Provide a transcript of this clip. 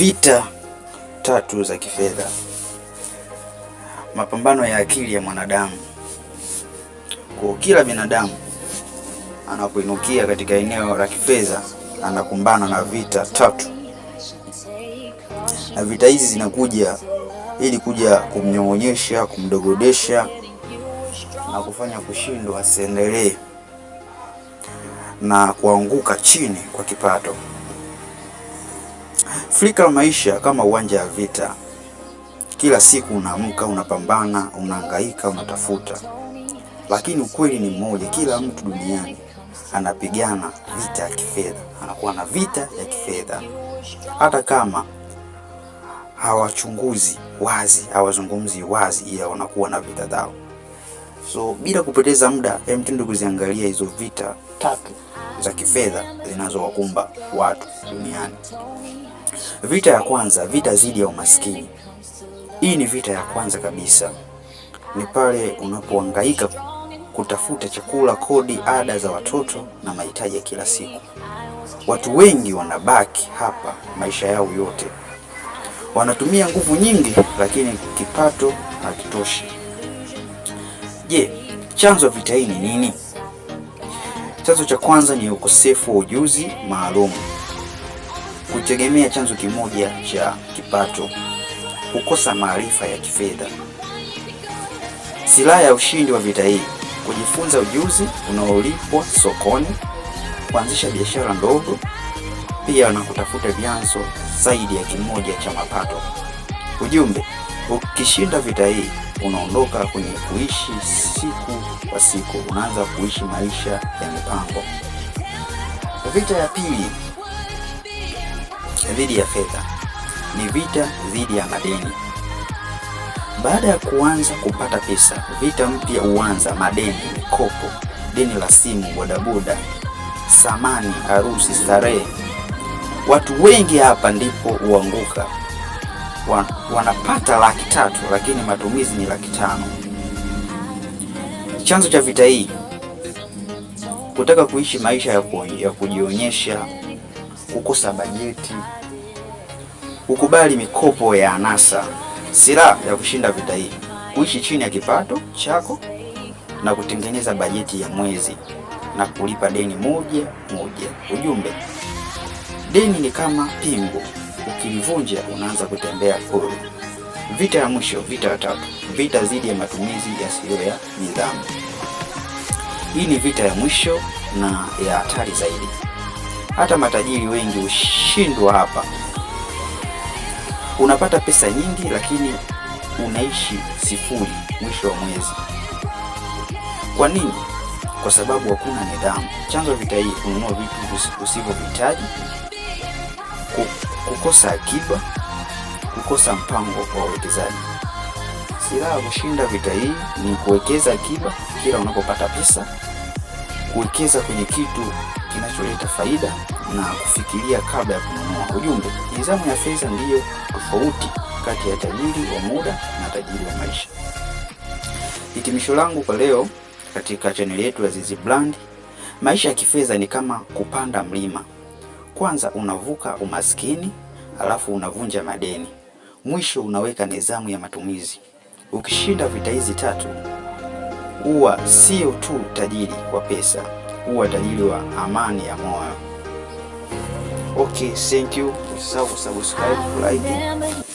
Vita tatu za kifedha, mapambano ya akili ya mwanadamu. Kwa kila binadamu anapoinukia katika eneo la kifedha, anakumbana na vita tatu, na vita hizi zinakuja ili kuja kumnyong'onyesha, kumdogodesha na kufanya kushindwa asiendelee na kuanguka chini kwa kipato. Fikra maisha kama uwanja wa vita. Kila siku unaamka, unapambana, unahangaika, unatafuta, lakini ukweli ni mmoja. Kila mtu duniani anapigana vita ya kifedha, anakuwa na vita ya kifedha, hata kama hawachunguzi wazi, hawazungumzi wazi, ila wanakuwa na vita zao. So bila kupoteza muda, hem, ndugu, kuziangalia hizo vita tatu za kifedha zinazowakumba watu duniani. Vita ya kwanza, vita dhidi ya umaskini. Hii ni vita ya kwanza kabisa, ni pale unapohangaika kutafuta chakula, kodi, ada za watoto na mahitaji ya kila siku. Watu wengi wanabaki hapa maisha yao yote, wanatumia nguvu nyingi, lakini kipato hakitoshi. Je, chanzo vita hii ni nini? Chanzo cha kwanza ni ukosefu wa ujuzi maalum. Kutegemea chanzo kimoja cha kipato, kukosa maarifa ya kifedha. Silaha ya ushindi wa vita hii: kujifunza ujuzi unaolipwa sokoni, kuanzisha biashara ndogo, pia na kutafuta vyanzo zaidi ya kimoja cha mapato. Ujumbe: ukishinda vita hii unaondoka kwenye kuishi siku kwa siku, unaanza kuishi maisha ya mipango. Vita ya pili dhidi ya fedha ni vita dhidi ya madeni. Baada ya kuanza kupata pesa, vita mpya huanza: madeni, mikopo, deni la simu, bodaboda, samani, harusi, starehe. Watu wengi hapa ndipo huanguka, wanapata laki tatu lakini matumizi ni laki tano. Chanzo cha vita hii kutaka kuishi maisha ya kujionyesha, kukosa bajeti kukubali mikopo ya anasa, silaha ya kushinda vita hii, kuishi chini ya kipato chako na kutengeneza bajeti ya mwezi na kulipa deni moja moja. Ujumbe: deni ni kama pingu, ukilivunja unaanza kutembea huru. Vita ya mwisho, vita ya tatu, vita dhidi ya matumizi yasiyo ya nidhamu. Hii ni vita ya mwisho na ya hatari zaidi. Hata matajiri wengi hushindwa hapa unapata pesa nyingi, lakini unaishi sifuri mwisho wa mwezi. Kwa nini? Kwa sababu hakuna nidhamu. Chanzo vita hii kununua vitu usivyohitaji, kukosa akiba, kukosa mpango wa uwekezaji. Silaha kushinda vita hii ni kuwekeza akiba kila unapopata pesa kuwekeza kwenye kitu kinacholeta faida na kufikiria kabla ya kununua. Ujumbe: nidhamu ya fedha ndiyo tofauti kati ya tajiri wa muda na tajiri wa maisha. Hitimisho langu kwa leo katika chaneli yetu ya Zizi Brand, maisha ya kifedha ni kama kupanda mlima. Kwanza unavuka umaskini, alafu unavunja madeni, mwisho unaweka nidhamu ya matumizi. Ukishinda vita hizi tatu huwa sio tu tajiri wa pesa, huwa tajiri wa amani ya moyo. Okay, thank you. Usisahau kusubscribe, like.